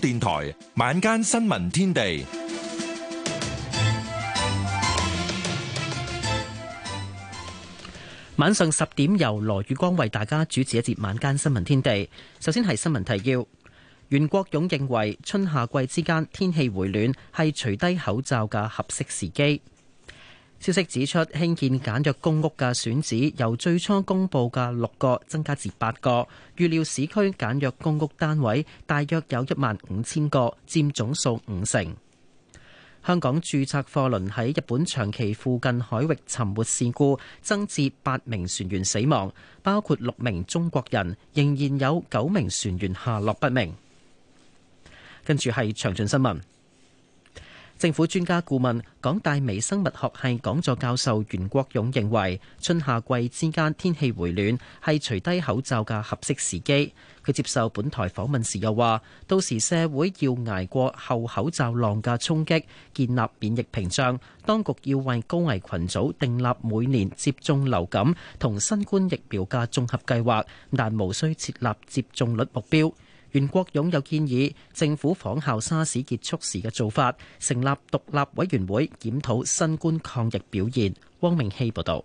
電台晚間新聞天地，晚上十點由羅宇光為大家主持一節晚間新聞天地。首先係新聞提要，袁國勇認為春夏季之間天氣回暖係除低口罩嘅合適時機。消息指出，興建簡約公屋嘅選址由最初公布嘅六個增加至八個。預料市區簡約公屋單位大約有一萬五千個，佔總數五成。香港注冊貨輪喺日本長崎附近海域沉沒事故，增至八名船員死亡，包括六名中國人，仍然有九名船員下落不明。跟住係詳盡新聞。政府專家顧問，港大微生物學系講座教授袁國勇認為，春夏季之間天氣回暖係除低口罩的合適時機。佢接受本台訪問時又話，到時社會要袁國勇又建議政府仿效沙士結束時嘅做法，成立獨立委員會檢討新冠抗疫表現。汪明希報導。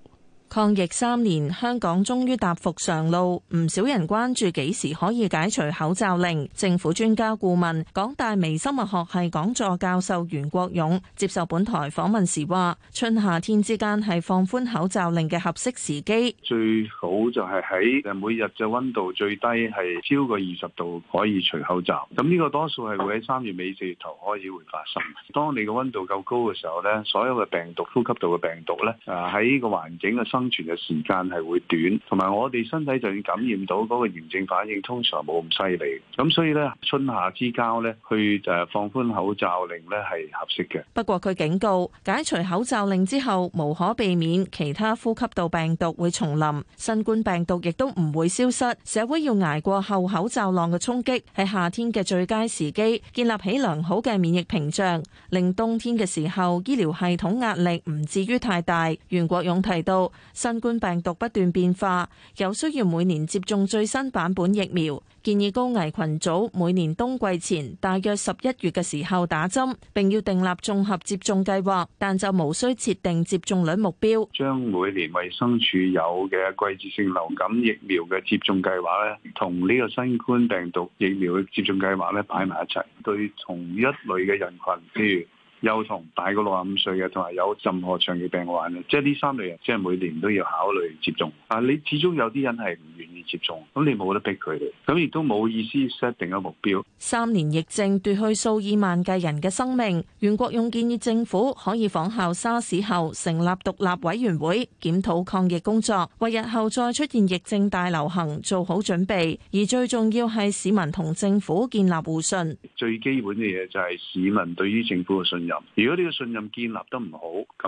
抗疫三年，香港終於踏復上路，唔少人關注幾時可以解除口罩令。政府專家顧問、港大微生物學系講座教授袁國勇接受本台訪問時話，春夏天之間係放寬口罩令嘅合適時機。最好就係喺每日嘅溫度最低係超過二十度可以除口罩。咁呢個多數係會喺三月尾四月頭開始會發生。當你嘅溫度夠高嘅時候咧，所有嘅病毒、呼吸道嘅病毒咧，啊喺呢個環境嘅生存嘅時間係會短，同埋我哋身體就要感染到嗰個炎症反應，通常冇咁犀利。咁所以呢，春夏之交呢，去誒放寬口罩令呢係合適嘅。不過佢警告，解除口罩令之後，無可避免其他呼吸道病毒會重臨，新冠病毒亦都唔會消失。社會要捱過後口罩浪嘅衝擊，喺夏天嘅最佳時機，建立起良好嘅免疫屏障，令冬天嘅時候醫療系統壓力唔至於太大。袁國勇提到。新冠病毒不斷變化，有需要每年接種最新版本疫苗。建議高危群組每年冬季前大約十一月嘅時候打針，並要訂立綜合接種計劃，但就無需設定接種率目標，將每年衛生署有嘅季節性流感疫苗嘅接種計劃咧，同呢個新冠病毒疫苗嘅接種計劃咧擺埋一齊，對同一類嘅人群，譬如。有同大過六十五歲嘅，同埋有任何長期病患嘅，即係呢三類人，即係每年都要考慮接種。啊，你始終有啲人係唔願意接種，咁你冇得逼佢哋，咁亦都冇意思 set 定個目標。三年疫症奪去數以萬計人嘅生命，袁國勇建議政府可以仿效沙士後，成立獨立委員會檢討抗疫工作，為日後再出現疫症大流行做好準備。而最重要係市民同政府建立互信。最基本嘅嘢就係市民對於政府嘅信如果呢個信任建立得唔好，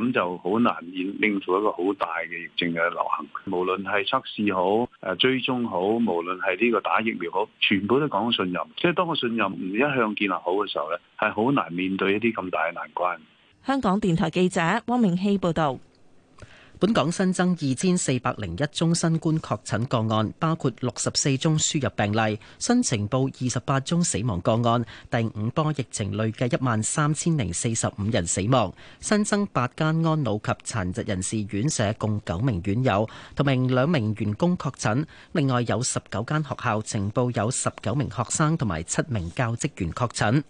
咁就好難應付一個好大嘅疫症嘅流行。無論係測試好，誒追蹤好，無論係呢個打疫苗好，全部都講信任。即係當個信任唔一向建立好嘅時候咧，係好難面對一啲咁大嘅難關。香港電台記者汪明希報道。本港新增二千四百零一宗新冠確診個案，包括六十四宗輸入病例，新呈報，二十八宗死亡個案。第五波疫情累計一萬三千零四十五人死亡。新增八間安老及殘疾人士院舍共九名院友，同埋兩名員工確診。另外有十九間學校呈報有十九名學生同埋七名教職員確診。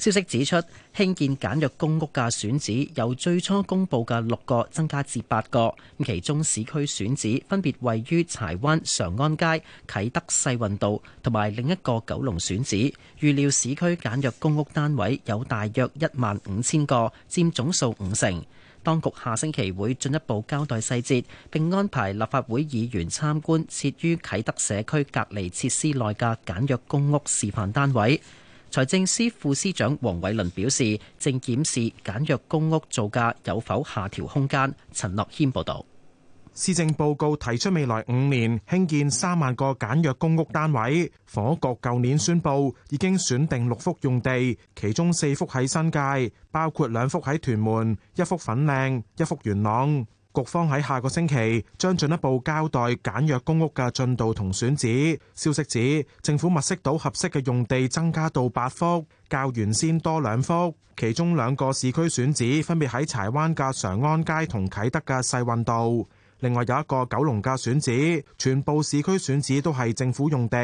消息指出，興建簡約公屋嘅選址由最初公佈嘅六個增加至八個，其中市區選址分別位於柴灣常安街、啟德世運道同埋另一個九龍選址。預料市區簡約公屋單位有大約一萬五千個，佔總數五成。當局下星期會進一步交代細節，並安排立法會議員參觀設於啟德社區隔離設施內嘅簡約公屋示範單位。財政司副司長黃偉綸表示，正檢視簡約公屋造價有否下調空間。陳樂謙報道。施政報告提出未來五年興建三萬個簡約公屋單位，房屋局舊年宣布已經選定六幅用地，其中四幅喺新界，包括兩幅喺屯門、一幅粉嶺、一幅元朗。局方喺下個星期將進一步交代簡約公屋嘅進度同選址。消息指，政府物色到合適嘅用地增加到八幅，較原先多兩幅。其中兩個市區選址分別喺柴灣嘅常安街同啟德嘅世運道。另外有一個九龍嘅選址。全部市區選址都係政府用地。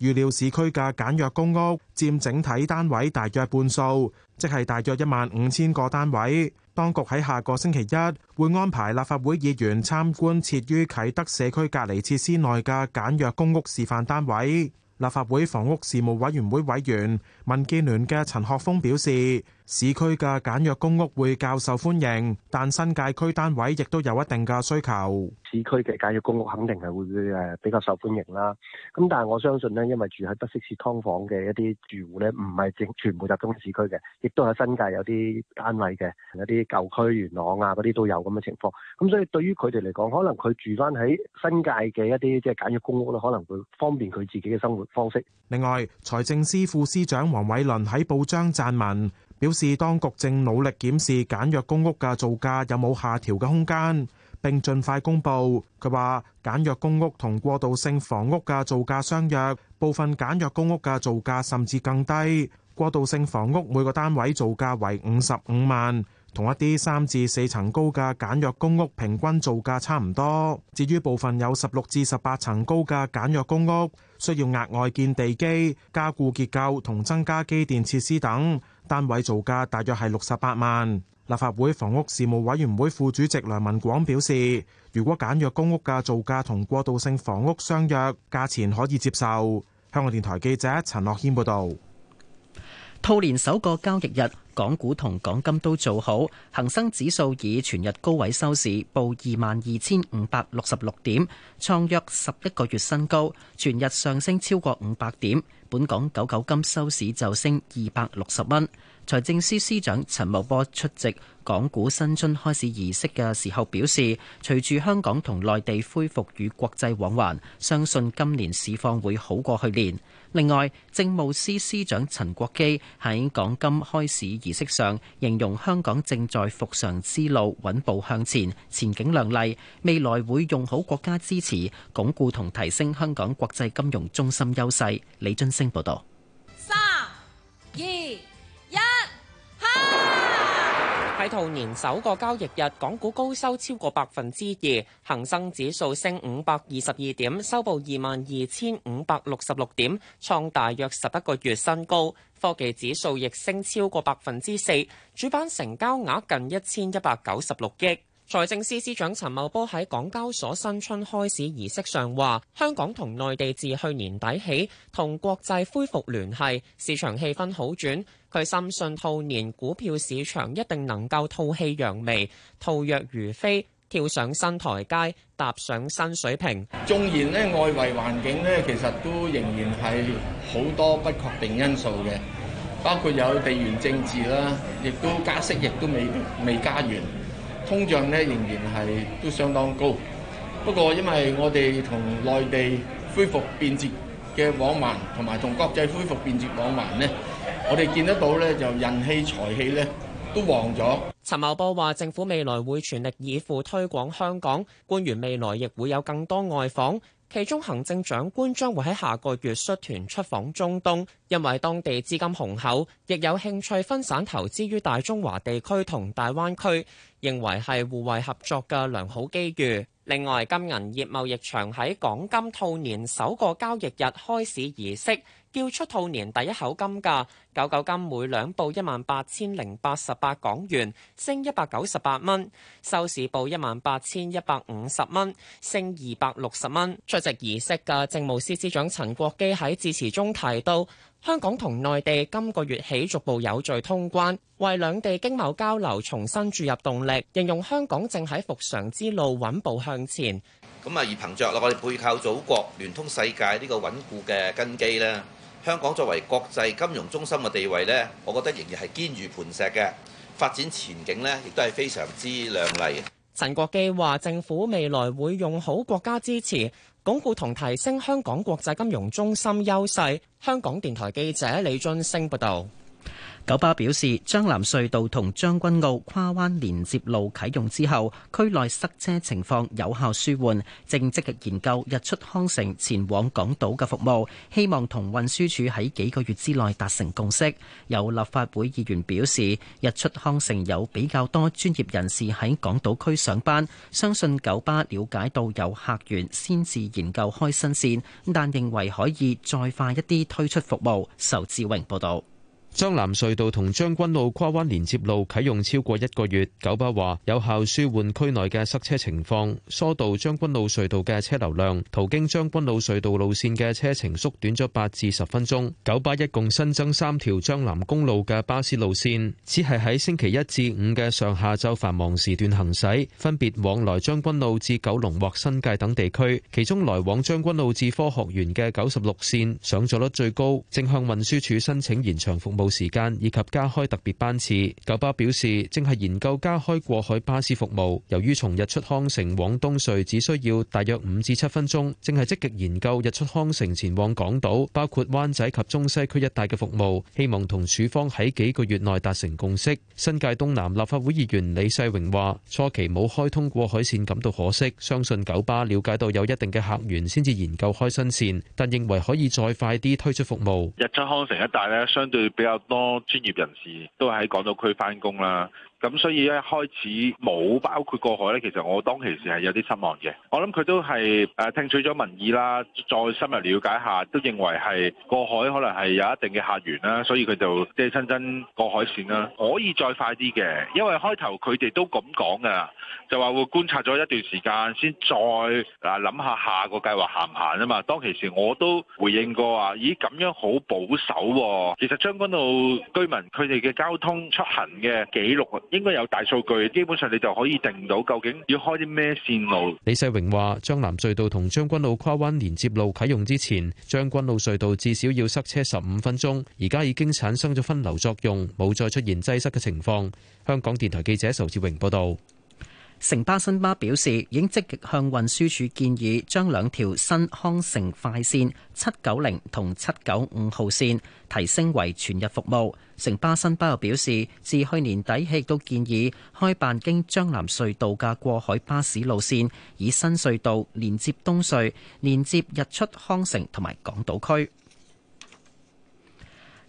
預料市區嘅簡約公屋佔整體單位大約半數，即係大約一萬五千個單位。當局喺下個星期一會安排立法會議員參觀設於啟德社區隔離設施內嘅簡約公屋示範單位。立法會房屋事務委員會委員、民建聯嘅陳學鋒表示。市區嘅簡約公屋會較受歡迎，但新界區單位亦都有一定嘅需求。市區嘅簡約公屋肯定係會誒比較受歡迎啦。咁但係我相信呢，因為住喺德式式劏房嘅一啲住戶呢，唔係整全部集中市區嘅，亦都喺新界有啲單位嘅，有啲舊區元朗啊嗰啲都有咁嘅情況。咁所以對於佢哋嚟講，可能佢住翻喺新界嘅一啲即係簡約公屋咧，可能會方便佢自己嘅生活方式。另外，財政司副司長黃偉綸喺報章撰文。表示，當局正努力檢視簡約公屋嘅造價有冇下調嘅空間，並盡快公佈。佢話，簡約公屋同過渡性房屋嘅造價相若，部分簡約公屋嘅造價甚至更低。過渡性房屋每個單位造價為五十五萬，同一啲三至四層高嘅簡約公屋平均造價差唔多。至於部分有十六至十八層高嘅簡約公屋，需要額外建地基、加固結構同增加機電設施等。單位造價大約係六十八萬。立法會房屋事務委員會副主席梁文廣表示，如果簡約公屋嘅造價同過渡性房屋相約，價錢可以接受。香港電台記者陳樂謙報道。兔年首個交易日，港股同港金都做好，恒生指數以全日高位收市，報二萬二千五百六十六點，創約十一個月新高，全日上升超過五百點。本港九九金收市就升二百六十蚊。財政司司長陳茂波出席港股新春開市儀式嘅時候表示，隨住香港同內地恢復與國際往還，相信今年市況會好過去年。另外，政務司司長陳國基喺港金開市儀式上形容香港正在復常之路穩步向前，前景亮麗，未來會用好國家支持，鞏固同提升香港國際金融中心優勢。李津升報導。三二。喺兔年首個交易日，港股高收超過百分之二，恒生指數升五百二十二點，收報二萬二千五百六十六點，創大約十一個月新高。科技指數亦升超過百分之四，主板成交額近一千一百九十六億。財政司司長陳茂波喺港交所新春開市儀式上話：香港同內地自去年底起同國際恢復聯繫，市場氣氛好轉。佢深信，兔年股票市場一定能夠吐氣揚眉，吐躍如飛，跳上新台階，踏上新水平。縱然呢，外圍環境呢，其實都仍然係好多不確定因素嘅，包括有地緣政治啦，亦都加息，亦都未未加完，通脹呢，仍然係都相當高。不過，因為我哋同內地恢復便捷嘅往還，同埋同國際恢復便捷往還呢。我哋見得到咧，就人氣財氣咧都旺咗。陳茂波話：政府未來會全力以赴推廣香港，官員未來亦會有更多外訪。其中行政長官將會喺下個月率團出訪中東，因為當地資金雄厚，亦有興趣分散投資於大中華地區同大灣區，認為係互惠合作嘅良好機遇。另外，金銀業貿易場喺港金兔年首個交易日開市儀式。要出兔年第一口金價九九金每兩報一萬八千零八十八港元，升一百九十八蚊；收市報一萬八千一百五十蚊，升二百六十蚊。出席儀式嘅政務司司長陳國基喺致辭中提到，香港同內地今個月起逐步有序通關，為兩地經貿交流重新注入動力。形容香港正喺復常之路穩步向前。咁啊，而憑著我哋背靠祖國聯通世界呢個穩固嘅根基咧。香港作為國際金融中心嘅地位呢，我覺得仍然係堅如磐石嘅，發展前景呢，亦都係非常之亮麗。陳國基話：政府未來會用好國家支持，鞏固同提升香港國際金融中心優勢。香港電台記者李俊升報道。九巴表示，將藍隧道同將軍澳跨灣連接路啟用之後，區內塞車情況有效舒緩，正積極研究日出康城前往港島嘅服務，希望同運輸署喺幾個月之內達成共識。有立法會議員表示，日出康城有比較多專業人士喺港島區上班，相信九巴了解到有客源先至研究開新線，但認為可以再快一啲推出服務。仇志榮報道。張南隧道同將軍澳跨灣連接路啟用超過一個月，九巴話有效舒緩區內嘅塞車情況，疏導將軍澳隧道嘅車流量。途經將軍澳隧道路線嘅車程縮短咗八至十分鐘。九巴一共新增三條將藍公路嘅巴士路線，只係喺星期一至五嘅上下晝繁忙時段行駛，分別往來將軍澳至九龍或新界等地區。其中來往將軍澳至科學園嘅九十六線上座率最高，正向運輸署申請延長服務。冇時間以及加開特別班次，九巴表示正係研究加開過海巴士服務。由於從日出康城往東隧只需要大約五至七分鐘，正係積極研究日出康城前往港島，包括灣仔及中西區一帶嘅服務，希望同署方喺幾個月內達成共識。新界東南立法會議員李世榮話：初期冇開通過海線感到可惜，相信九巴了解到有一定嘅客源先至研究開新線，但認為可以再快啲推出服務。日出康城一帶呢相對比。比較多專業人士都喺港島區翻工啦。咁所以一開始冇包括過海咧，其實我當其時係有啲失望嘅。我諗佢都係誒聽取咗民意啦，再深入了解下，都認為係過海可能係有一定嘅客源啦，所以佢就即係新增過海線啦。可以再快啲嘅，因為開頭佢哋都咁講㗎，就話會觀察咗一段時間先再啊諗下下個計劃行唔行啊嘛。當其時我都回應過話，咦咁樣好保守喎，啊。其實將軍澳居民佢哋嘅交通出行嘅記錄。應該有大數據，基本上你就可以定到究竟要開啲咩線路。李世榮話：將藍隧道同將軍澳跨灣連接路啟用之前，將軍澳隧道至少要塞車十五分鐘。而家已經產生咗分流作用，冇再出現擠塞嘅情況。香港電台記者仇志榮報導。城巴新巴表示，已經積極向運輸署建議，將兩條新康城快線七九零同七九五號線提升為全日服務。城巴新巴又表示，自去年底起亦都建議開辦經將藍隧道嘅過海巴士路線，以新隧道連接東隧，連接日出康城同埋港島區。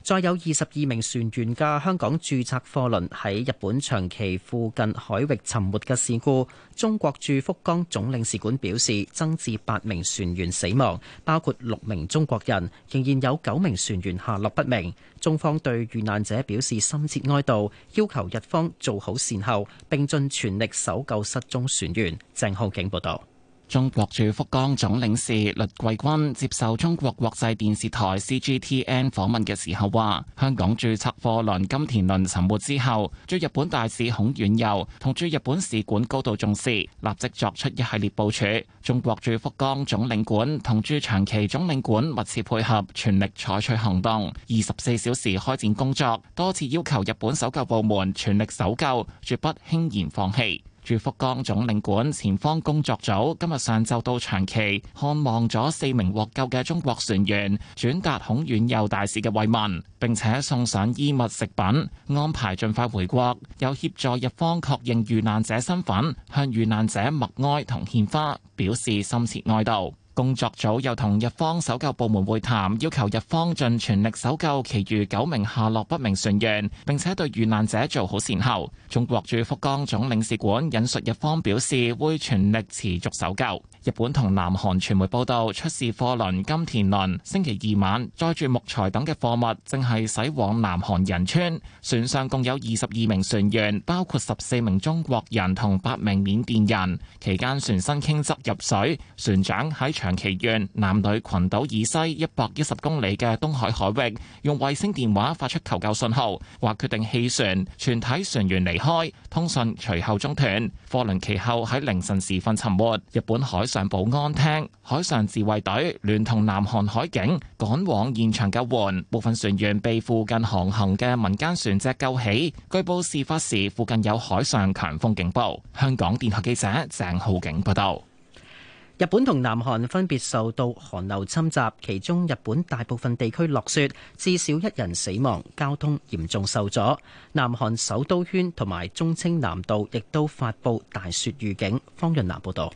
再有二十二名船員嘅香港注冊貨輪喺日本長崎附近海域沉沒嘅事故，中國駐福岡總領事館表示增至八名船員死亡，包括六名中國人，仍然有九名船員下落不明。中方對遇難者表示深切哀悼，要求日方做好善後，並盡全力搜救失蹤船員。鄭浩景報道。中國駐福岡總領事栗桂軍接受中國國際電視台 CGTN 訪問嘅時候話，香港註冊貨輪金田輪沉沒之後，駐日本大使孔鉉佑同駐日本使館高度重視，立即作出一系列部署。中國駐福岡總領館同駐長崎總領館密切配合，全力採取行動，二十四小時開展工作，多次要求日本搜救部門全力搜救，絕不輕言放棄。駐福岡總領館前方工作組今日上晝到長崎看望咗四名獲救嘅中國船員，轉達孔遠佑大使嘅慰問，並且送上衣物食品，安排盡快回國，又協助日方確認遇難者身份，向遇難者默哀同獻花，表示深切哀悼。工作組又同日方搜救部門會談，要求日方盡全力搜救其餘九名下落不明船員，並且對遇難者做好善後。中國駐福岡總領事館引述日方表示，會全力持續搜救。日本同南韓傳媒報道，出事貨輪金田輪星期二晚載住木材等嘅貨物，正係駛往南韓仁川。船上共有二十二名船員，包括十四名中國人同八名緬甸人。期間船身傾側入水，船長喺長崎縣男女群島以西一百一十公里嘅東海海域，用衛星電話發出求救信號，話決定棄船，全體船員離開，通訊隨後中斷。貨輪其後喺凌晨時分沉沒。日本海上保安廳、海上自衛隊聯同南韓海警趕往現場救援，部分船員被附近航行嘅民間船隻救起。據報，事發時附近有海上強風警報。香港電台記者鄭浩景報道：日本同南韓分別受到寒流侵襲，其中日本大部分地區落雪，至少一人死亡，交通嚴重受阻。南韓首都圈同埋忠清南道亦都發布大雪預警。方潤南報道。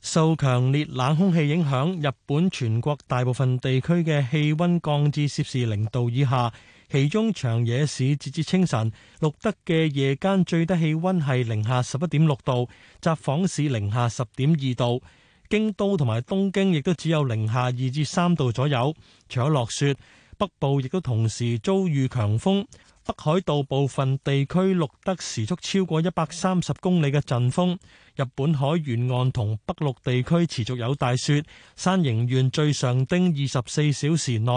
受強烈冷空氣影響，日本全國大部分地區嘅氣溫降至攝氏零度以下。其中長野市截至清晨錄得嘅夜間最低氣溫係零下十一點六度，札幌市零下十點二度，京都同埋東京亦都只有零下二至三度左右。除咗落雪，北部亦都同時遭遇強風。北海道部分地區錄得時速超過一百三十公里嘅陣風，日本海沿岸同北陸地區持續有大雪。山形縣最上町二十四小時內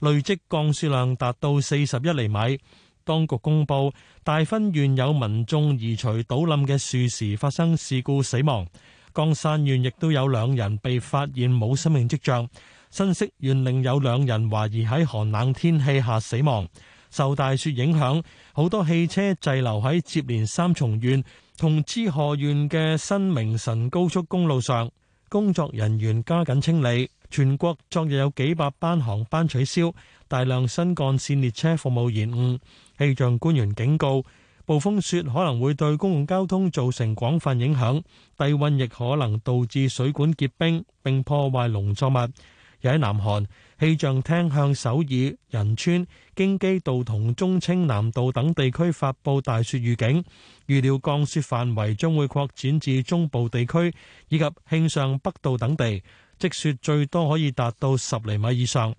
累積降雪量達到四十一厘米。當局公布，大分縣有民眾移除倒冧嘅樹時發生事故死亡，岡山縣亦都有兩人被發現冇生命跡象，新潟縣另有兩人懷疑喺寒冷天氣下死亡。受大雪影響，好多汽車滯留喺接連三重縣同滋賀縣嘅新名神高速公路上，工作人員加緊清理。全國昨日有幾百班航班取消，大量新幹線列車服務延誤。氣象官員警告，暴風雪可能會對公共交通造成廣泛影響，低溫亦可能導致水管結冰並破壞農作物。又喺南韓氣象廳向首爾、仁川、京畿道同中清南道等地區發布大雪預警，預料降雪範圍將會擴展至中部地區以及慶尚北道等地，積雪最多可以達到十厘米以上。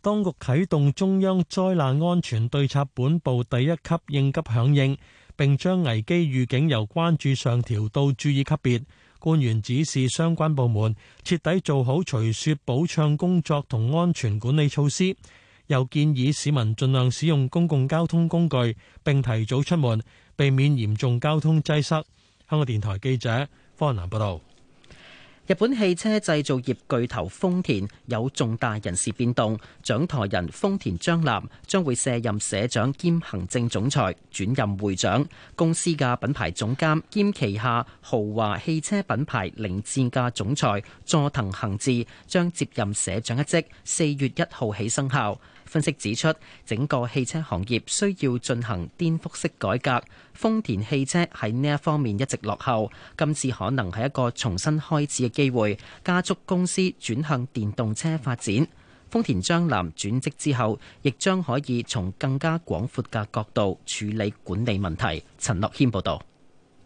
當局啟動中央災難安全對策本部第一級應急響應，並將危機預警由關注上調到注意級別。官員指示相關部門徹底做好除雪保暢工作同安全管理措施，又建議市民盡量使用公共交通工具，並提早出門，避免嚴重交通擠塞。香港電台記者方南報道。日本汽車製造業巨頭豐田有重大人事變動，掌舵人豐田章男將會卸任社長兼行政總裁，轉任會長。公司嘅品牌總監兼旗下豪華汽車品牌凌志嘅總裁佐藤恆治將接任社長一職，四月一號起生效。分析指出，整個汽車行業需要進行顛覆式改革。豐田汽車喺呢一方面一直落後，今次可能係一個重新開始嘅機會，加速公司轉向電動車發展。豐田章男轉職之後，亦將可以從更加廣闊嘅角度處理管理問題。陳樂軒報導。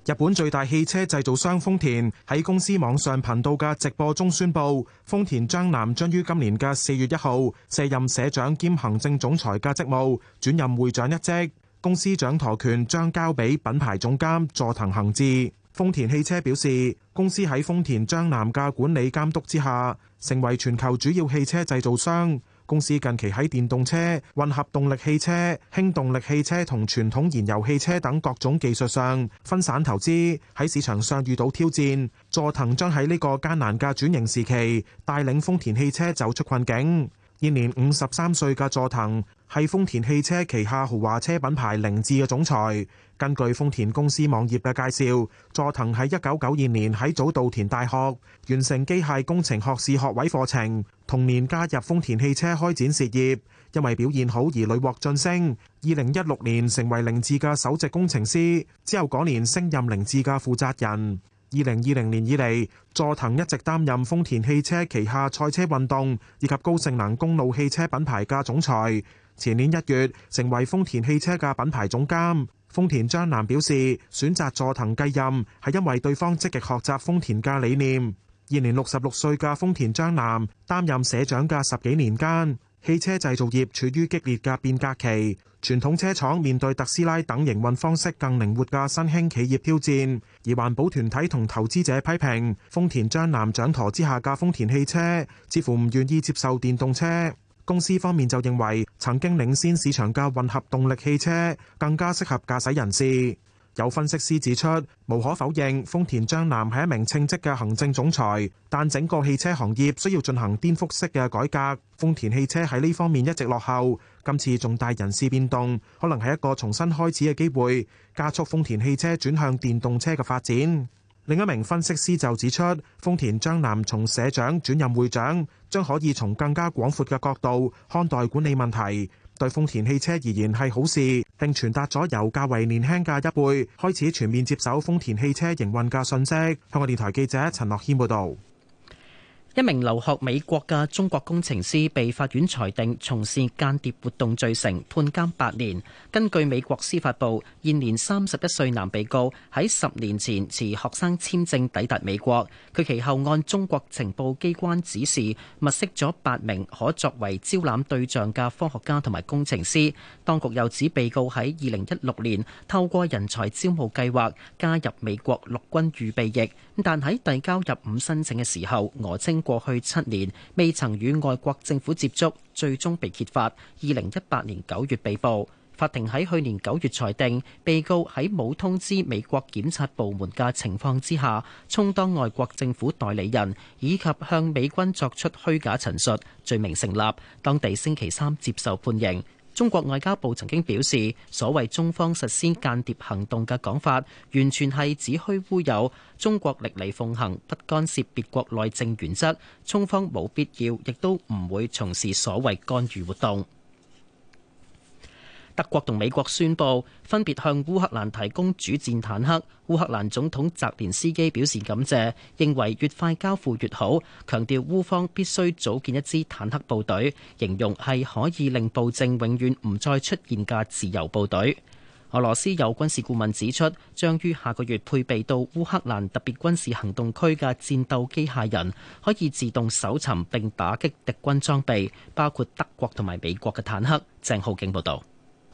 日本最大汽車製造商豐田喺公司網上頻道嘅直播中宣布，豐田章男將於今年嘅四月一號卸任社長兼行政總裁嘅職務，轉任會長一職。公司掌舵權將交俾品牌總監佐藤恒治。豐田汽車表示，公司喺豐田章男嘅管理監督之下，成為全球主要汽車製造商。公司近期喺電動車、混合動力汽車、氫動力汽車同傳統燃油汽車等各種技術上分散投資，喺市場上遇到挑戰。佐藤將喺呢個艱難嘅轉型時期，帶領豐田汽車走出困境。現年五十三歲嘅佐藤係豐田汽車旗下豪華車品牌凌志嘅總裁。根據豐田公司網頁嘅介紹，佐藤喺一九九二年喺早稻田大學完成機械工程學士學位課程，同年加入豐田汽車開展事業。因為表現好而屢獲晉升，二零一六年成為凌志嘅首席工程師，之後嗰年升任凌志嘅負責人。二零二零年以嚟，佐藤一直擔任豐田汽車旗下賽車運動以及高性能公路汽車品牌嘅總裁。前年一月，成為豐田汽車嘅品牌總監。豐田章男表示，選擇佐藤繼任，係因為對方積極學習豐田嘅理念。現年六十六歲嘅豐田章男擔任社長嘅十幾年間，汽車製造業處於激烈嘅變革期。傳統車廠面對特斯拉等營運方式更靈活嘅新興企業挑戰，而環保團體同投資者批評豐田章男掌舵之下嘅豐田汽車似乎唔願意接受電動車。公司方面就認為，曾經領先市場嘅混合動力汽車更加適合駕駛人士。有分析師指出，無可否認豐田章男係一名稱職嘅行政總裁，但整個汽車行業需要進行顛覆式嘅改革，豐田汽車喺呢方面一直落後。今次重大人事變動可能係一個重新開始嘅機會，加速豐田汽車轉向電動車嘅發展。另一名分析師就指出，豐田章男從社長轉任會長將可以從更加廣闊嘅角度看待管理問題，對豐田汽車而言係好事，並傳達咗由較為年輕嘅一輩開始全面接手豐田汽車營運嘅信息。香港電台記者陳樂謙報道。一名留學美國嘅中國工程師被法院裁定從事間諜活動罪成，判監八年。根據美國司法部，現年三十一歲男被告喺十年前持學生簽證抵達美國，佢其後按中國情報機關指示，物色咗八名可作為招攬對象嘅科學家同埋工程師。當局又指被告喺二零一六年透過人才招募計劃加入美國陸軍預備役。但喺遞交入伍申請嘅時候，訛稱過去七年未曾與外國政府接觸，最終被揭發。二零一八年九月被捕，法庭喺去年九月裁定被告喺冇通知美國檢察部門嘅情況之下，充當外國政府代理人，以及向美軍作出虛假陳述，罪名成立。當地星期三接受判刑。中國外交部曾經表示，所謂中方實施間諜行動嘅講法，完全係子虛烏有。中國歷來奉行不干涉別國內政原則，中方冇必要，亦都唔會從事所謂干預活動。德國同美國宣布分別向烏克蘭提供主戰坦克。烏克蘭總統澤連斯基表示感謝，認為越快交付越好，強調烏方必須組建一支坦克部隊，形容係可以令暴政永遠唔再出現嘅自由部隊。俄羅斯有軍事顧問指出，將於下個月配備到烏克蘭特別軍事行動區嘅戰鬥機械人，可以自動搜尋並打擊敵軍裝備，包括德國同埋美國嘅坦克。鄭浩景報道。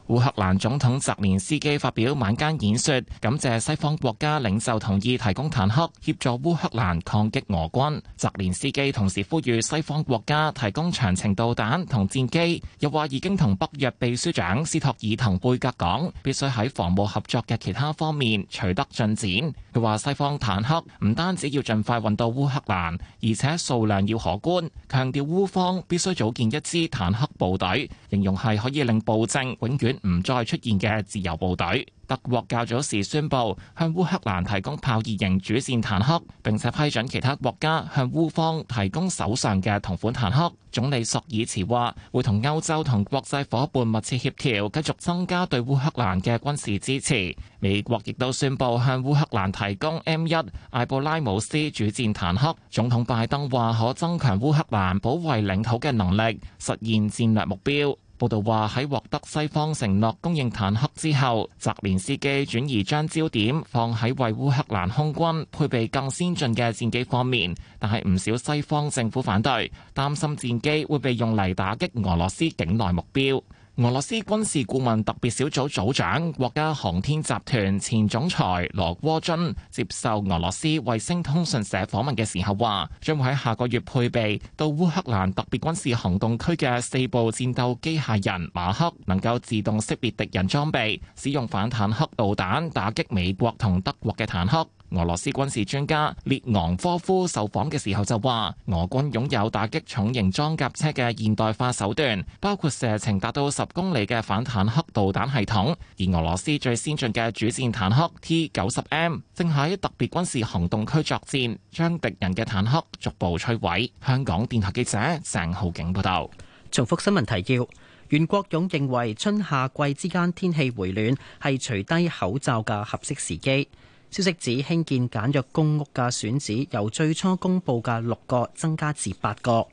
烏克蘭總統澤連斯基發表晚間演說，感謝西方國家領袖同意提供坦克協助烏克蘭抗擊俄軍。澤連斯基同時呼籲西方國家提供長程導彈同戰機，又話已經同北約秘書長斯托爾滕貝格講，必須喺防務合作嘅其他方面取得進展。佢話西方坦克唔單止要盡快運到烏克蘭，而且數量要可觀。強調烏方必須組建一支坦克部隊，形容係可以令暴政永遠唔再出現嘅自由部隊。德國較早時宣布向烏克蘭提供豹二型主戰坦克，並且批准其他國家向烏方提供手上嘅同款坦克。總理索爾茨話會同歐洲同國際夥伴密切協調，繼續增加對烏克蘭嘅軍事支持。美國亦都宣布向烏克蘭提供 M 一艾布拉姆斯主戰坦克。總統拜登話可增強烏克蘭保衛領土嘅能力，實現戰略目標。報道話喺獲得西方承諾供應坦克之後，澤連斯基轉移將焦點放喺為烏克蘭空軍配備更先進嘅戰機方面，但係唔少西方政府反對，擔心戰機會被用嚟打擊俄羅斯境內目標。俄羅斯軍事顧問特別小組組長、國家航天集團前總裁羅戈津接受俄羅斯衛星通訊社訪問嘅時候話，將會喺下個月配備到烏克蘭特別軍事行動區嘅四部戰鬥機械人馬克，能夠自動識別敵人裝備，使用反坦克導彈打擊美國同德國嘅坦克。俄羅斯軍事專家列昂科夫受訪嘅時候就話：俄軍擁有打擊重型裝甲車嘅現代化手段，包括射程達到十公里嘅反坦克導彈系統。而俄羅斯最先進嘅主戰坦克 T-90M 正喺特別軍事行動區作戰，將敵人嘅坦克逐步摧毀。香港電台記者鄭浩景報道。重複新聞提要：袁國勇認為，春夏季之間天氣回暖係除低口罩嘅合適時機。消息指興建簡約公屋嘅選址由最初公布嘅六個增加至八個。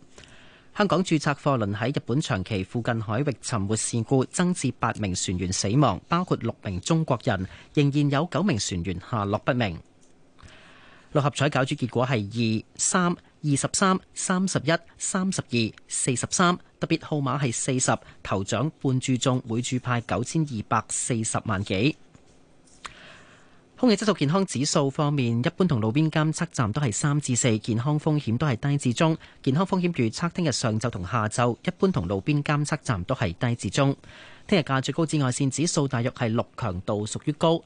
香港註冊貨輪喺日本長崎附近海域沉沒事故，增至八名船員死亡，包括六名中國人，仍然有九名船員下落不明。六合彩攪珠結果係二三二十三三十一三十二四十三，特別號碼係四十，頭獎半注中，每注派九千二百四十萬幾。空氣質素健康指數方面，一般同路邊監測站都係三至四，健康風險都係低至中。健康風險預測聽日上晝同下晝，一般同路邊監測站都係低至中。聽日嘅最高紫外線指數大約係六強度，屬於高。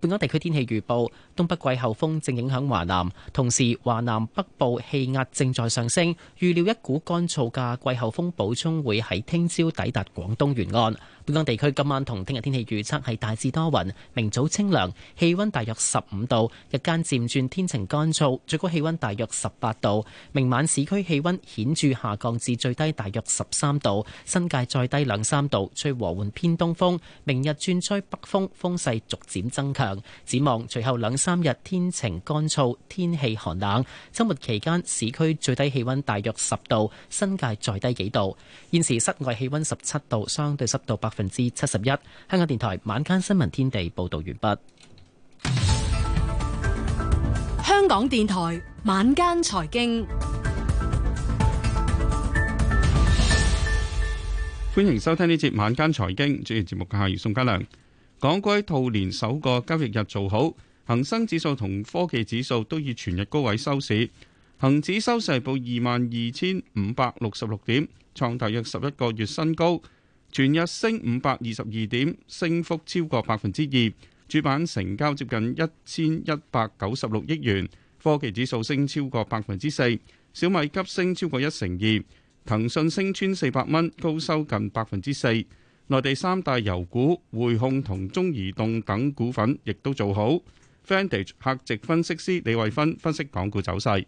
本港地區天氣預報：東北季候風正影響華南，同時華南北部氣壓正在上升，預料一股乾燥嘅季候風補充會喺聽朝抵達廣東沿岸。本港地區今晚同聽日天氣預測係大致多雲，明早清涼，氣溫大約十五度，日間漸轉天晴乾燥，最高氣溫大約十八度。明晚市區氣溫顯著下降至最低大約十三度，新界再低兩三度，吹和緩偏東風，明日轉吹北風，風勢逐漸增強，展望隨後兩三日天晴乾燥，天氣寒冷。週末期間市區最低氣溫大約十度，新界再低幾度。現時室外氣溫十七度，相對濕度百百分之七十一。香港電台晚間新聞天地報道完畢。香港電台晚間財經，歡迎收聽呢節晚間財經。主持節目嘅係宋家良。港股喺兔年首個交易日做好，恒生指數同科技指數都以全日高位收市。恒指收市報二萬二千五百六十六點，創大約十一個月新高。全日升五百二十二點，升幅超過百分之二。主板成交接近一千一百九十六億元，科技指數升超過百分之四，小米急升超過一成二，騰訊升穿四百蚊，高收近百分之四。內地三大油股匯控同中移動等股份亦都做好。Fandich 客席分析師李慧芬分析港股走勢。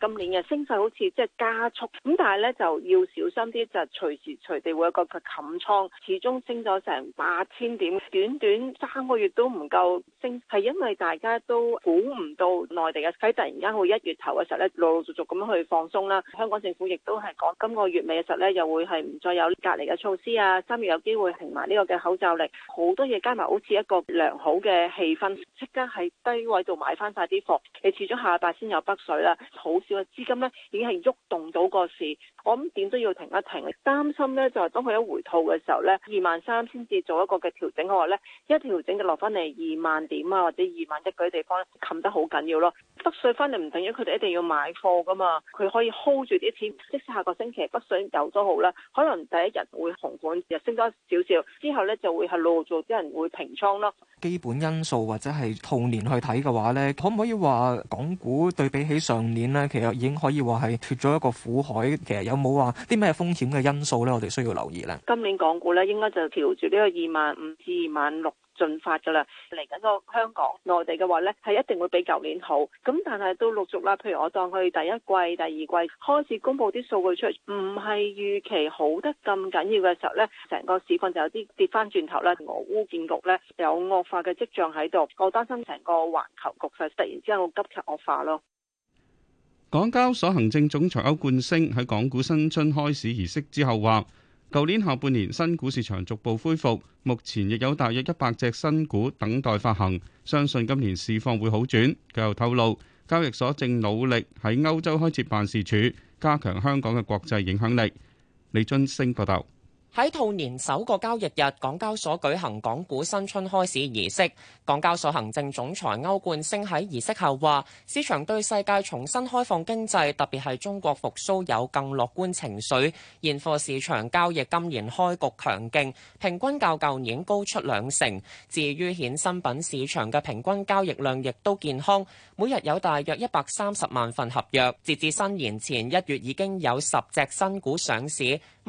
今年嘅升勢好似即係加速，咁但係咧就要小心啲，就隨時隨地會有個嘅冚倉。始終升咗成八千點，短短三個月都唔夠升，係因為大家都估唔到內地嘅喺突然間會一月頭嘅時候咧，陸陸續續咁去放鬆啦。香港政府亦都係講今個月尾嘅時候咧，又會係唔再有隔離嘅措施啊，三月有機會停埋呢個嘅口罩令，多好多嘢加埋好似一個良好嘅氣氛，即刻喺低位度買翻晒啲貨。你始終下個禮拜先有北水啦，好。個資金咧已經係喐動到個市，我諗點都要停一停。擔心咧就係當佢一回吐嘅時候咧，二萬三先至做一個嘅調整嘅話咧，一調整就落翻嚟二萬點啊，或者二萬一嗰啲地方，冚得好緊要咯。北水翻嚟唔等於佢哋一定要買貨噶嘛，佢可以 hold 住啲錢，即使下個星期北水有都好啦，可能第一日會紅盤，又升多少少，之後咧就會係路做啲人會平倉咯。基本因素或者係兔年去睇嘅話咧，可唔可以話港股對比起上年咧，又已經可以話係脫咗一個苦海，其實有冇話啲咩風險嘅因素呢？我哋需要留意咧。今年港股呢，應該就朝住呢個二萬五至二萬六進發噶啦。嚟緊個香港內地嘅話呢，係一定會比舊年好。咁但係都陸續啦，譬如我當去第一季、第二季開始公布啲數據出嚟，唔係預期好得咁緊要嘅時候呢，成個市況就有啲跌翻轉頭啦。俄烏建局呢，有惡化嘅跡象喺度，我擔心成個環球局勢突然之間好急劇惡化咯。港交所行政總裁歐冠升喺港股新春開市儀式之後話，舊年下半年新股市場逐步恢復，目前亦有大約一百隻新股等待發行，相信今年市況會好轉。佢又透露，交易所正努力喺歐洲開設辦事處，加強香港嘅國際影響力。李津升報道。喺兔年首個交易日，港交所舉行港股新春開市儀式。港交所行政總裁歐冠昇喺儀式後話：市場對世界重新開放經濟，特別係中國復甦有更樂觀情緒。現貨市場交易今年開局強勁，平均較舊年高出兩成。至於衍生品市場嘅平均交易量亦都健康，每日有大約一百三十萬份合約。截至新年前一月，已經有十隻新股上市。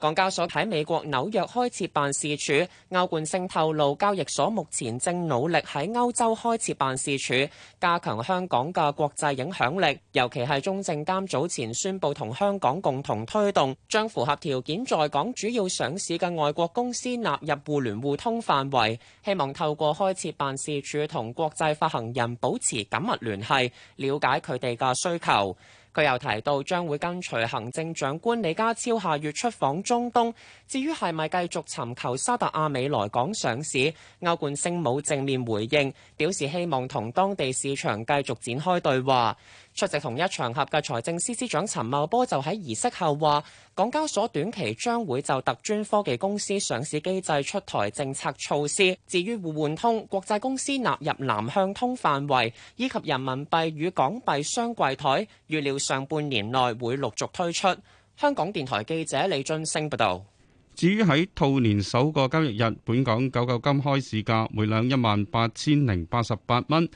港交所喺美國紐約開設辦事處，歐冠昇透露，交易所目前正努力喺歐洲開設辦事處，加強香港嘅國際影響力。尤其係中證監早前宣布同香港共同推動，將符合條件在港主要上市嘅外國公司納入互聯互通範圍，希望透過開設辦事處同國際發行人保持緊密聯繫，了解佢哋嘅需求。佢又提到將會跟隨行政長官李家超下月出訪中東，至於係咪繼續尋求沙特阿美來港上市，歐冠昇冇正面回應，表示希望同當地市場繼續展開對話。出席同一場合嘅財政司司長陳茂波就喺儀式後話，港交所短期將會就特專科技公司上市機制出台政策措施。至於互換通、國際公司納入南向通範圍，以及人民幣與港幣雙櫃台，預料上半年內會陸續推出。香港電台記者李津升報道：「至於喺兔年首個交易日，日，本港九九金開市價每兩一萬八千零八十八蚊。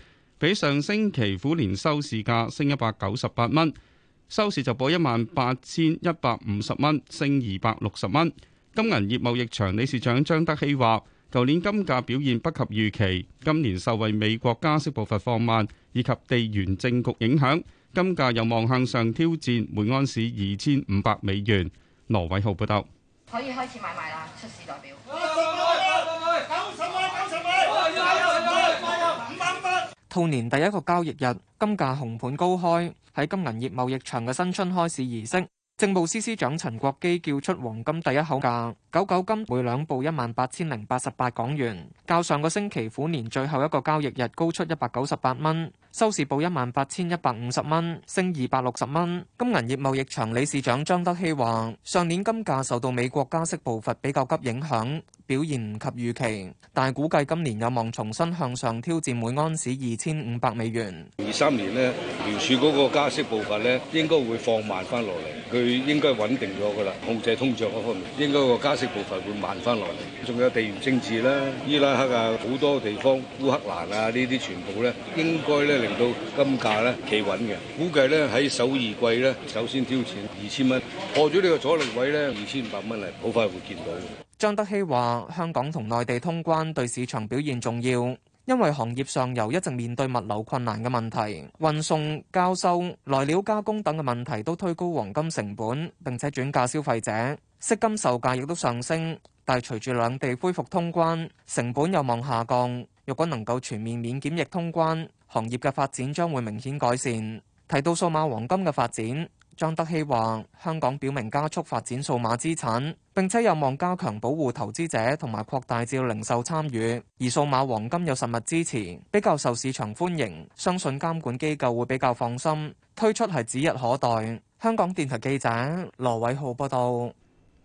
比上星期虎年收市價升一百九十八蚊，收市就報一萬八千一百五十蚊，升二百六十蚊。金銀業貿易場理事長張德熙話：舊年金價表現不及預期，今年受惠美國加息步伐放慢以及地緣政局影響，金價有望向上挑戰每安士二千五百美元。羅偉浩報導。可以開始買賣啦，出市代表。兔年第一個交易日，金價紅盤高開。喺金銀業貿易場嘅新春開市儀式，政務司司長陳國基叫出黃金第一口價九九金每兩報一萬八千零八十八港元，較上個星期虎年最後一個交易日高出一百九十八蚊，收市報一萬八千一百五十蚊，升二百六十蚊。金銀業貿易場理事長張德熙話：上年金價受到美國加息步伐比較急影響。表現唔及預期，但係估計今年有望重新向上挑戰每安士二千五百美元。二三年呢原處嗰個加息步伐咧，應該會放慢翻落嚟，佢應該穩定咗噶啦，控制通脹嗰方面，應該個加息步伐會慢翻落嚟。仲有地緣政治啦，伊拉克啊，好多地方、烏克蘭啊呢啲全部咧，應該咧令到金價咧企穩嘅。估計咧喺首二季咧，首先挑戰二千蚊，破咗呢個阻力位咧，二千五百蚊嚟，好快會見到。張德熙話：香港同內地通關對市場表現重要，因為行業上游一直面對物流困難嘅問題，運送、交收、來料加工等嘅問題都推高黃金成本，並且轉嫁消費者。飾金售價亦都上升，但係隨住兩地恢復通關，成本有望下降。若果能夠全面免檢疫通關，行業嘅發展將會明顯改善。提到數碼黃金嘅發展。張德熙話：香港表明加速發展數碼資產，並且有望加強保護投資者同埋擴大至零售參與。而數碼黃金有實物支持，比較受市場歡迎，相信監管機構會比較放心，推出係指日可待。香港電台記者羅偉浩報道。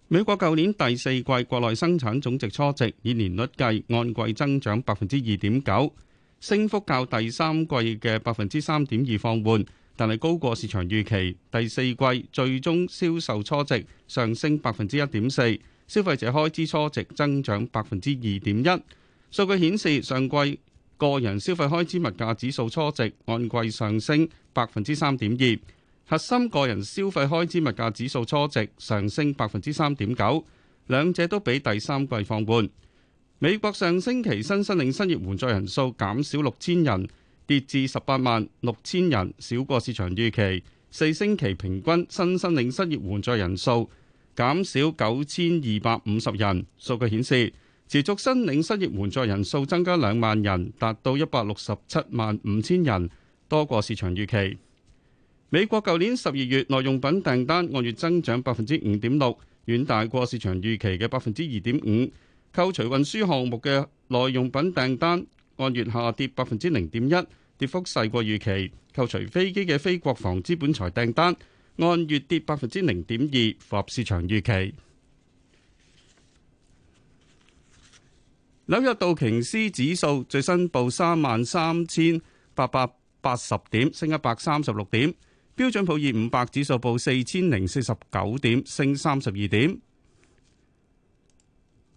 美國舊年第四季國內生產總值初值，以年率計，按季增長百分之二點九，升幅較第三季嘅百分之三點二放緩。但係高過市場預期，第四季最終銷售初值上升百分之一點四，消費者開支初值增長百分之二點一。數據顯示，上季個人消費開支物價指數初值按季上升百分之三點二，核心個人消費開支物價指數初值上升百分之三點九，兩者都比第三季放緩。美國上星期新申領失業援助人數減少六千人。跌至十八萬六千人，少過市場預期。四星期平均新申領失業援助人數減少九千二百五十人。數據顯示，持續申領失業援助人數增加兩萬人，達到一百六十七萬五千人，多過市場預期。美國舊年十二月耐用品訂單按月增長百分之五點六，遠大過市場預期嘅百分之二點五。扣除運輸項目嘅耐用品訂單按月下跌百分之零點一。跌幅細過預期，扣除飛機嘅非國防資本財訂單，按月跌百分之零點二，符合市場預期。紐約道瓊斯指數最新報三萬三千八百八十點，升一百三十六點。標準普爾五百指數報四千零四十九點，升三十二點。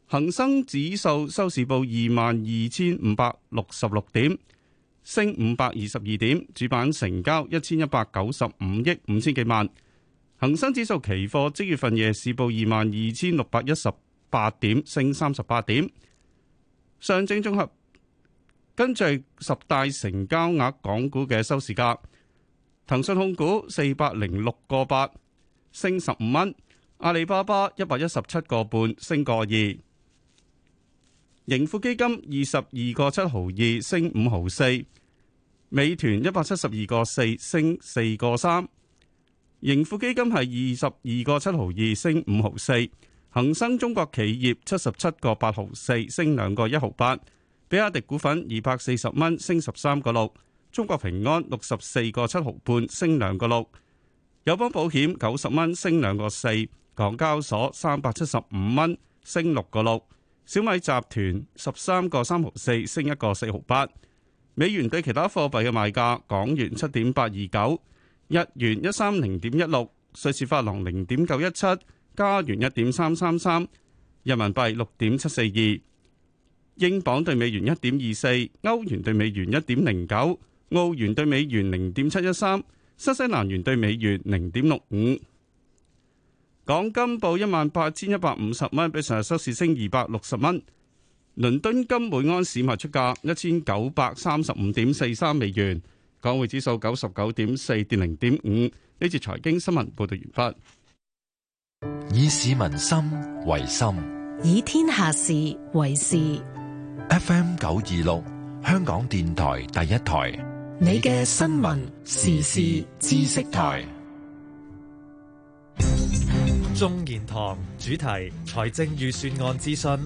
恒生指數收市報二萬二千五百六十六點。升五百二十二點，主板成交一千一百九十五億五千幾萬。恒生指數期貨即月份夜市報二萬二千六百一十八點，升三十八點。上證綜合跟住十大成交額港股嘅收市價，騰訊控股四百零六個八，升十五蚊；阿里巴巴一百一十七個半，升個二。盈富基金二十二個七毫二升五毫四，美團一百七十二個四升四個三，盈富基金係二十二個七毫二升五毫四，恒生中國企業七十七個八毫四升兩個一毫八，比亞迪股份二百四十蚊升十三個六，中國平安六十四個七毫半升兩個六，友邦保險九十蚊升兩個四，港交所三百七十五蚊升六個六。小米集團十三個三毫四升一個四毫八，美元兌其他貨幣嘅賣價：港元七點八二九，日元一三零點一六，瑞士法郎零點九一七，加元一點三三三，人民幣六點七四二，英鎊兌美元一點二四，歐元兌美元一點零九，澳元兌美元零點七一三，新西蘭元兌美元零點六五。港金報一萬八千一百五十蚊，比上日收市升二百六十蚊。倫敦金每盎司賣出價一千九百三十五點四三美元。港匯指數九十九點四跌零點五。呢次財經新聞報道完畢。以市民心為心，以天下事為事。F M 九二六，香港電台第一台，你嘅新聞時事知識台。眾言堂，主題，財政預算案諮詢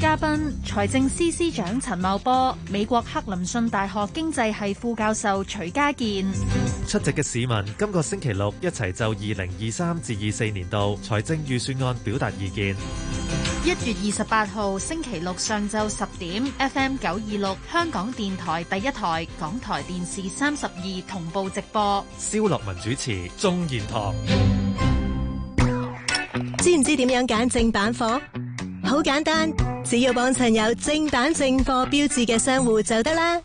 嘉賓：財政司司長陳茂波、美國克林信大學經濟系副教授徐家健。出席嘅市民今個星期六一齊就二零二三至二四年度財政預算案表達意見。一月二十八號星期六上晝十點，FM 九二六香港電台第一台、港台電視三十二同步直播。蕭立文主持眾言堂。知唔知點樣揀正版貨？好簡單，只要幫襯有正版正貨標誌嘅商戶就得啦。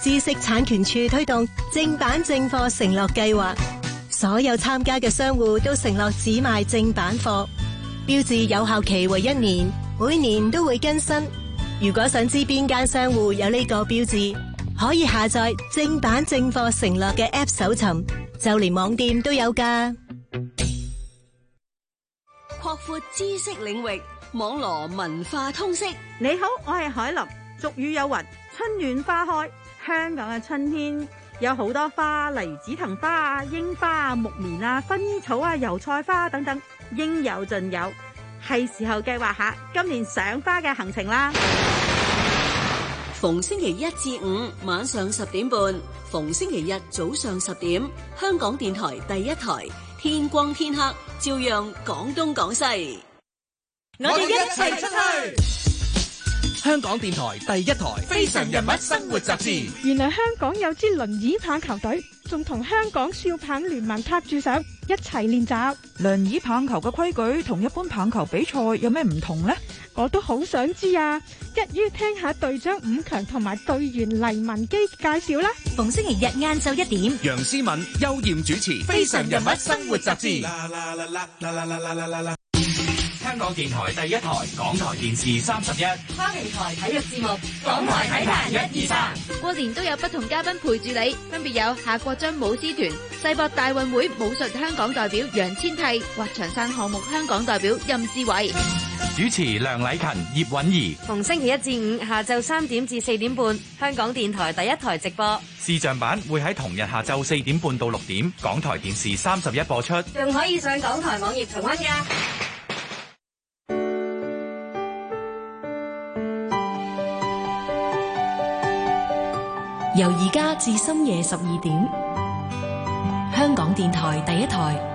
知識產權處推動正版正貨承諾計劃，所有參加嘅商戶都承諾只賣正版貨。標誌有效期為一年，每年都會更新。如果想知邊間商戶有呢個標誌，可以下載正版正貨承諾嘅 App 搜尋，就連網店都有㗎。擴闊知識領域，網羅文化通識。你好，我係海林。俗語有云：春暖花開，香港嘅春天有好多花，例如紫藤花啊、櫻花啊、木棉啊、薰衣草啊、油菜花等等，應有盡有。係時候計劃下今年賞花嘅行程啦。逢星期一至五晚上十點半，逢星期日早上十點，香港電台第一台。天光天黑，照樣講東講西，我哋一齊出去。香港電台第一台《非常人物生活雜誌》。原來香港有支輪椅棒球隊，仲同香港少棒聯盟拍住上一齊練習。輪椅棒球嘅規矩同一般棒球比賽有咩唔同呢？我都好想知啊！一於聽下隊長伍強同埋隊員黎文基介紹啦。逢星期日晏晝一點，楊思敏、邱艷主持《非常人物生活雜誌》。香港電台第一台，港台電視三十一，跨平台體育節目，港台體壇一二三，1, 2, 過年都有不同嘉賓陪住你，分別有夏國璋舞獅團、世博大運會武術香港代表楊千蒂、劃長扇項目香港代表任志偉，主持梁禮勤、葉允儀，逢星期一至五下晝三點至四點半，香港電台第一台直播，視像版會喺同日下晝四點半到六點，港台電視三十一播出，仲可以上港台網頁重温噶。由而家至深夜十二點，香港電台第一台。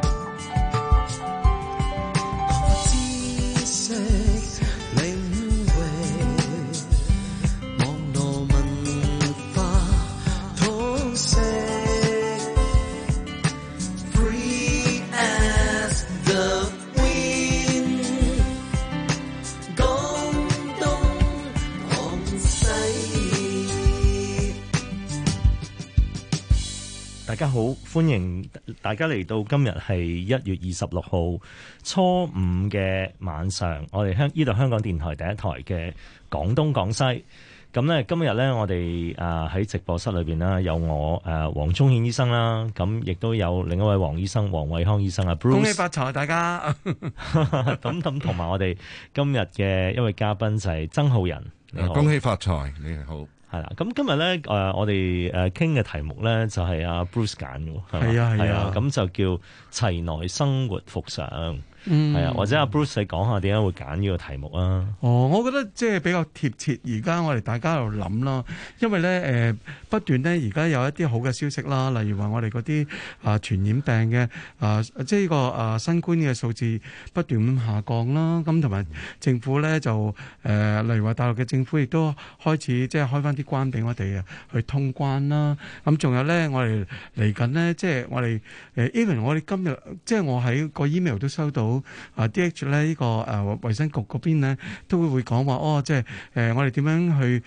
大家好，歡迎大家嚟到今日係一月二十六號初五嘅晚上。我哋香呢度香港電台第一台嘅廣東廣西。咁咧今日咧，我哋啊喺直播室裏邊啦，有我誒黃忠憲醫生啦，咁亦都有另一位黃醫生、黃偉康醫生啊。Bruce，恭喜發財，大家！等等同埋我哋今日嘅一位嘉賓就係曾浩仁。恭喜發財，你好。係啦，咁今日咧，誒我哋誒傾嘅題目咧就係阿 Bruce 揀嘅，係啊係啊，咁就叫齊內生活復常。嗯，係啊，或者阿 Bruce 你講下點解會揀呢個題目啊？哦，我覺得即係比較貼切，而家我哋大家度諗啦，因為咧誒、呃、不斷咧，而家有一啲好嘅消息啦，例如話我哋啲啊傳染病嘅啊、呃，即係、這、呢個啊、呃、新冠嘅數字不斷咁下降啦，咁同埋政府咧就誒、呃、例如話大陸嘅政府亦都開始即係開翻啲關俾我哋啊去通關啦。咁、嗯、仲有咧，我哋嚟緊咧，即係我哋誒 Even 我哋今日即係我喺個 email 都收到。啊、uh，DH 咧、uh, 呢、呢個誒衛、uh, 生局嗰邊咧都會會講話哦，oh, 即係誒、呃、我哋點樣去。